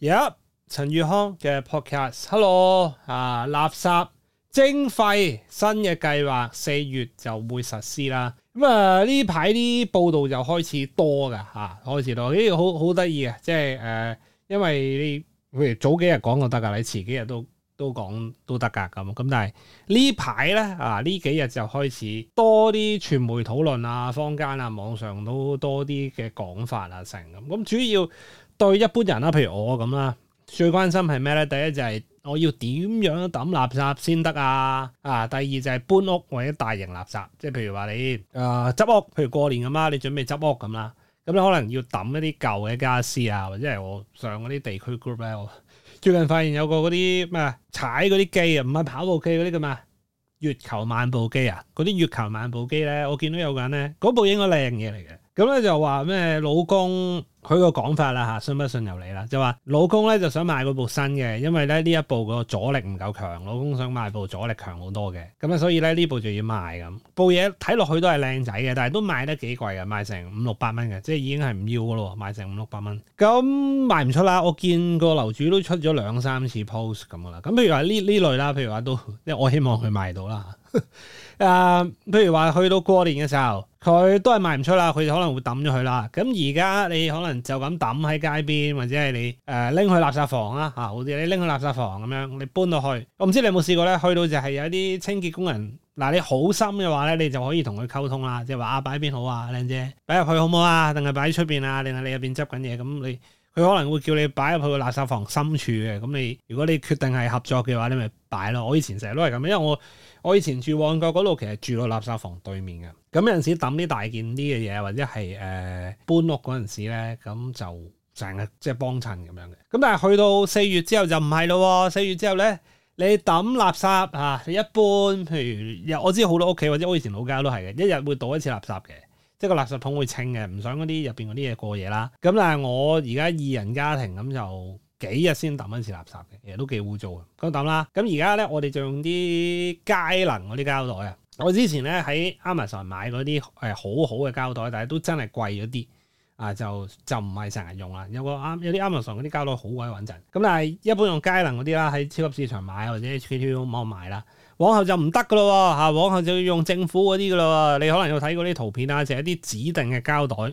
耶！Yep, 陳宇康嘅 podcast，Hello 啊，垃圾徵費新嘅計劃四月就會實施啦。咁、嗯、啊，呢排啲報道就開始多噶嚇、啊，開始多咦、哎，好好得意啊！即係誒、呃，因為你譬如早幾日講就得噶，你遲幾日都都講都得噶咁咁。但係呢排咧啊，呢幾日就開始多啲傳媒討論啊，坊間啊，網上都多啲嘅講法啊，成咁咁、嗯、主要。對一般人啦，譬如我咁啦，最關心係咩咧？第一就係我要點樣抌垃圾先得啊！啊，第二就係搬屋或者大型垃圾，即係譬如話你誒執、呃、屋，譬如過年咁啊，你準備執屋咁啦，咁你可能要抌一啲舊嘅家私啊，或者係我上嗰啲地區 group 咧、啊，我最近發現有個嗰啲咩踩嗰啲機啊，唔係跑步機嗰啲叫咩？月球漫步機啊，嗰啲月球漫步機咧，我見到有個人咧，嗰部應該靚嘢嚟嘅。咁咧就話咩？老公佢個講法啦吓，信不信由你啦。就話老公咧就想買部新嘅，因為咧呢一部個阻力唔夠強，老公想買部阻力強好多嘅。咁咧所以咧呢部就要賣。咁部嘢睇落去都係靚仔嘅，但係都賣得幾貴嘅，賣成五六百蚊嘅，即係已經係唔要嘅咯，賣成五六百蚊。咁、嗯、賣唔出啦，我見個樓主都出咗兩三次 post 咁嘅啦。咁譬如話呢呢類啦，譬如話都，即我希望佢賣到啦。誒，譬、 呃、如話去到過年嘅時候，佢都係賣唔出啦，佢就可能會抌咗佢啦。咁而家你可能就咁抌喺街邊，或者係你誒拎、呃、去垃圾房啊，吓，好似你拎去垃圾房咁樣，你搬到去。我唔知你有冇試過咧？去到就係有啲清潔工人，嗱、呃，你好心嘅話咧，你就可以同佢溝通啦，即係話啊擺邊好啊，靚姐，擺入去好唔好啊？定係擺喺出邊啊？定係你入邊執緊嘢咁？你佢可能會叫你擺入去個垃圾房深處嘅。咁你如果你決定係合作嘅話，你咪。大咯！我以前成日都係咁，因為我我以前住旺角嗰度，其實住到垃圾房對面嘅。咁有陣時抌啲大件啲嘅嘢，或者係誒、呃、搬屋嗰陣時咧，咁就成日即係幫襯咁樣嘅。咁但係去到四月之後就唔係咯。四月之後咧，你抌垃圾啊，你一般，譬如我知好多屋企或者我以前老家都係嘅，一日會倒一次垃圾嘅，即係個垃圾桶會清嘅，唔想嗰啲入邊嗰啲嘢過夜啦。咁但係我而家二人家庭咁就。幾日先抌一次垃圾嘅，其實都幾污糟啊！咁抌啦，咁而家咧我哋就用啲佳能嗰啲膠袋啊！我之前咧喺 Amazon 買嗰啲誒好好嘅膠袋，但係都真係貴咗啲啊！就就唔係成日用啦，有個啱有啲 Amazon 嗰啲膠袋好鬼穩陣，咁但係一般用佳能嗰啲啦，喺超級市場買或者喺 KTV 網買啦，往後就唔得噶咯喎！往後就要用政府嗰啲噶咯喎，你可能有睇過啲圖片啊，就係一啲指定嘅膠袋。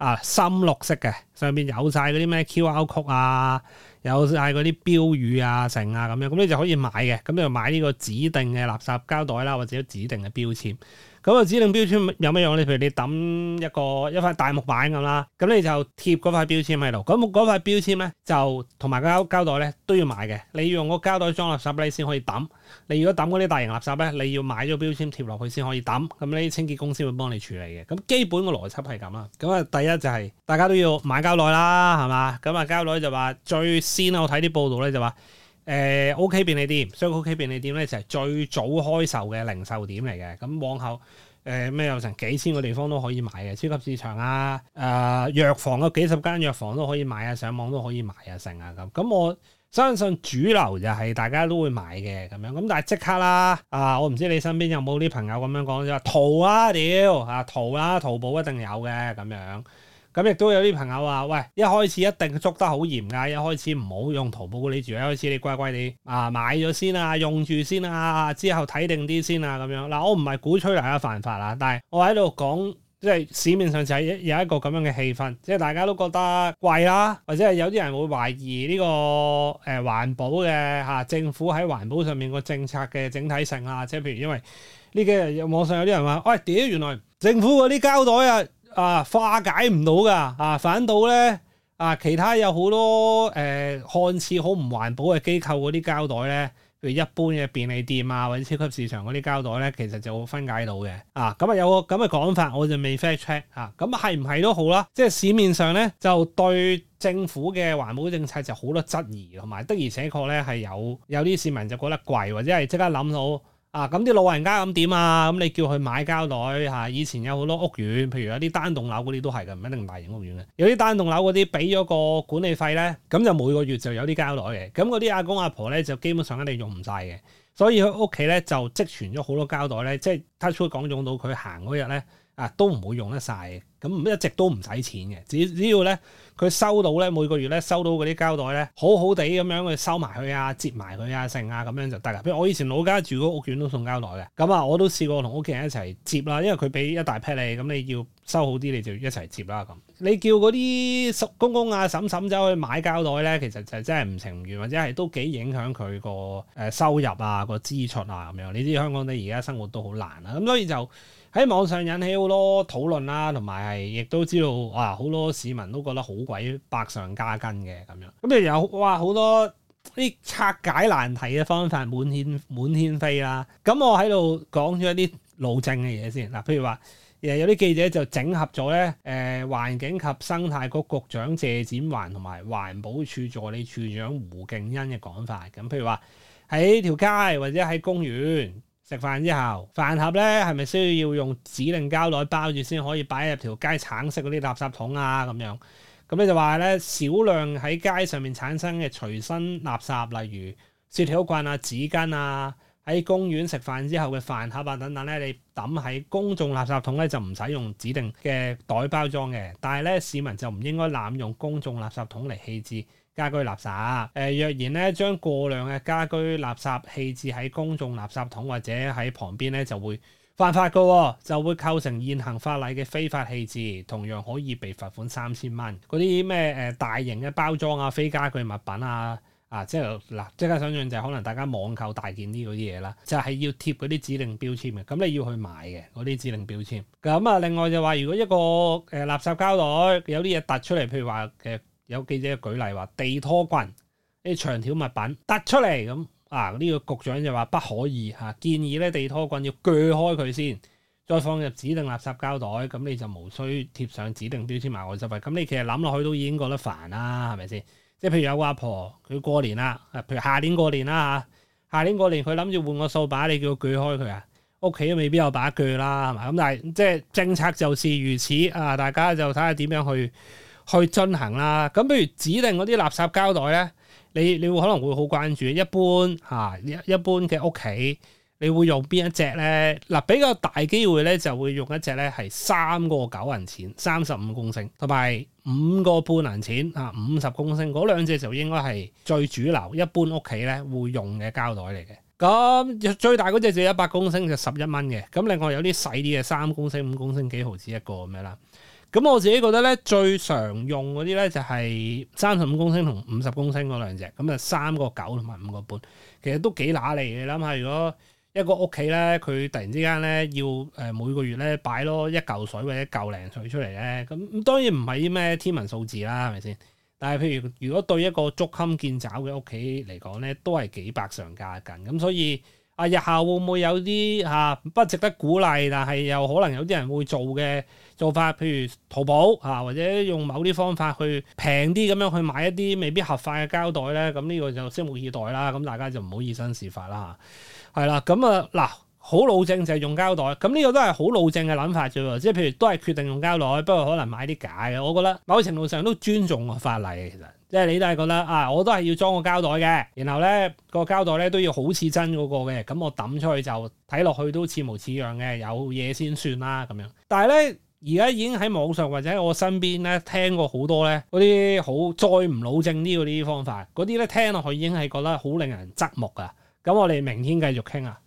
啊，深綠色嘅上面有晒嗰啲咩 QR code 啊，有晒嗰啲標語啊、成啊咁樣，咁你就可以買嘅，咁你就買呢個指定嘅垃圾膠袋啦、啊，或者指定嘅標籤。咁啊指定標籤有咩用咧？譬如你抌一個一塊大木板咁啦，咁你就貼嗰塊標籤喺度。咁嗰塊標籤咧就同埋個膠袋咧都要買嘅。你要用個膠袋裝垃圾咧先可以抌。你如果抌嗰啲大型垃圾咧，你要買咗標籤貼落去先可以抌。咁呢啲清潔公司會幫你處理嘅。咁基本嘅邏輯係咁啦。咁啊第一就係大家都要買膠袋啦，係嘛？咁啊膠袋就話最先啊，我睇啲報道咧就話。誒、呃、OK 便利店，所以 OK 便利店咧就係最早開售嘅零售點嚟嘅。咁往後誒咩有成幾千個地方都可以買嘅，超級市場啊，誒、呃、藥房嗰幾十間藥房都可以買啊，上網都可以買啊，成啊咁。咁我相信主流就係大家都會買嘅咁樣。咁但係即刻啦啊！我唔知你身邊有冇啲朋友咁樣講，就係話淘啊屌啊淘啦、啊，淘寶一定有嘅咁樣。咁亦都有啲朋友話，喂，一開始一定捉得好嚴㗎，一開始唔好用淘寶，你住一開始你乖乖哋啊，買咗先喇，用住先喇，之後睇定啲先喇，咁樣。嗱，我唔係鼓吹大家犯法啦，但係我喺度講，即係市面上就係有一個咁樣嘅氣氛，即係大家都覺得貴啦，或者係有啲人會懷疑呢、這個誒、呃、環保嘅嚇、啊、政府喺環保上面個政策嘅整體性啦、啊，即係譬如因為呢幾日網上有啲人話，喂，屌，原來政府嗰、啊、啲膠袋啊！啊，化解唔到㗎，啊，反倒咧，啊，其他有好多誒、呃、看似好唔環保嘅機構嗰啲膠袋咧，譬如一般嘅便利店啊，或者超級市場嗰啲膠袋咧，其實就分解到嘅，啊，咁、嗯、啊有個咁嘅講法，我就未 fact check 吓、啊，咁係唔係都好啦？即係市面上咧就對政府嘅環保政策就好多質疑，同埋的而且確咧係有有啲市民就覺得貴，或者係即刻諗到。啊，咁啲老人家咁點啊？咁你叫佢買膠袋嚇、啊？以前有好多屋苑，譬如有啲單棟樓嗰啲都係嘅，唔一定大型屋苑嘅。有啲單棟樓嗰啲俾咗個管理費咧，咁就每個月就有啲膠袋嘅。咁嗰啲阿公阿婆咧就基本上一定用唔晒嘅，所以佢屋企咧就積存咗好多膠袋咧，即係 touch wood 講用到佢行嗰日咧啊都唔會用得晒嘅。咁一直都唔使錢嘅，只只要咧佢收到咧每個月咧收到嗰啲膠袋咧，好好地咁樣去收埋佢啊，摺埋佢啊，剩啊咁樣就得喇。譬如我以前老家住嗰屋苑都送膠袋嘅，咁啊我都試過同屋企人一齊摺啦，因為佢俾一大批你，咁你要收好啲，你就一齊摺啦咁。你叫嗰啲叔公公啊、嬸嬸走去買膠袋咧，其實就真係唔情願或者係都幾影響佢個誒收入啊、個支出啊咁樣啊。你知香港你而家生活都好難啊，咁所以就喺網上引起好多討論啦、啊，同埋。係，亦都知道哇！好、啊、多市民都覺得好鬼百上加斤嘅咁樣，咁又有哇好多啲拆解難題嘅方法滿天滿天飛啦。咁我喺度講咗一啲路證嘅嘢先嗱，譬、啊、如話，誒有啲記者就整合咗咧誒環境及生態局局長謝展寰同埋環保署助理署長胡勁恩嘅講法，咁、啊、譬如話喺條街或者喺公園食飯之後，飯盒咧係咪需要用指定膠袋包住先可以擺入條街橙色嗰啲垃圾桶啊？咁樣咁咧就話咧，少量喺街上面產生嘅隨身垃圾，例如雪條棍啊、紙巾啊，喺公園食飯之後嘅飯盒啊等等咧，你抌喺公眾垃圾桶咧就唔使用，用指定嘅袋包裝嘅，但係咧市民就唔應該濫用公眾垃圾桶嚟棄置。家居垃圾，誒、呃、若然咧將過量嘅家居垃圾棄置喺公眾垃圾桶或者喺旁邊咧，就會犯法嘅、哦，就會構成現行法例嘅非法棄置，同樣可以被罰款三千蚊。嗰啲咩誒大型嘅包裝啊、非家具物品啊，啊即係嗱，即、啊、刻想象就可能大家網購大件啲嗰啲嘢啦，就係、是、要貼嗰啲指令標籤嘅，咁你要去買嘅嗰啲指令標籤。咁啊，另外就話如果一個誒、呃、垃圾膠袋有啲嘢突出嚟，譬如話嘅。呃有記者嘅舉例話地拖棍，啲長條物品突出嚟咁啊！呢、這個局長就話不可以嚇、啊，建議咧地拖棍要鋸開佢先，再放入指定垃圾膠袋，咁你就無需貼上指定標籤埋外收費。咁你其實諗落去都已經覺得煩啦，係咪先？即係譬如有個阿婆，婆，佢過年啦、啊，譬如下年過年啦嚇，下、啊、年過年佢諗住換個掃把，你叫佢鋸開佢啊？屋企都未必有把鋸啦，係、啊、咪？咁但係即係政策就是如此啊！大家就睇下點樣去。去進行啦，咁譬如指定嗰啲垃圾膠袋呢，你你會可能會好關注。一般嚇、啊，一般嘅屋企，你會用邊一隻呢？嗱、啊，比較大機會呢，就會用一隻呢係三個九銀錢，三十五公升，同埋五個半銀錢啊，五十公升。嗰兩隻就應該係最主流，一般屋企呢，會用嘅膠袋嚟嘅。咁、啊、最大嗰隻就一百公升，就十一蚊嘅。咁另外有啲細啲嘅三公升、五公升，幾毫子一個咁樣啦。咁我自己覺得咧，最常用嗰啲咧就係三十五公升同五十公升嗰兩隻，咁就三個九同埋五個半，其實都幾乸嚟嘅。諗下如果一個屋企咧，佢突然之間咧要誒每個月咧擺多一嚿水或者嚿零水出嚟咧，咁咁當然唔係啲咩天文數字啦，係咪先？但係譬如如果對一個捉襟見肘嘅屋企嚟講咧，都係幾百上加斤，咁所以。會會啊，日後會唔會有啲嚇不值得鼓勵，但係又可能有啲人會做嘅做法，譬如淘寶嚇、啊，或者用某啲方法去平啲咁樣去買一啲未必合法嘅膠袋咧？咁、啊、呢、呢個就拭目以待啦。咁、啊、大家就唔好以身試法啦。係、啊、啦，咁啊嗱。好老正就係用膠袋，咁呢個都係好老正嘅諗法啫喎，即係譬如都係決定用膠袋，不過可能買啲假嘅。我覺得某程度上都尊重個法例嘅，其實即係你都係覺得啊，我都係要裝個膠袋嘅，然後咧、個膠袋咧都要好似真嗰個嘅，咁我抌出去就睇落去都似模似樣嘅，有嘢先算啦咁樣。但係咧而家已經喺網上或者我身邊咧聽過好多咧嗰啲好再唔老正呢個呢啲方法，嗰啲咧聽落去已經係覺得好令人側目噶。咁我哋明天繼續傾啊！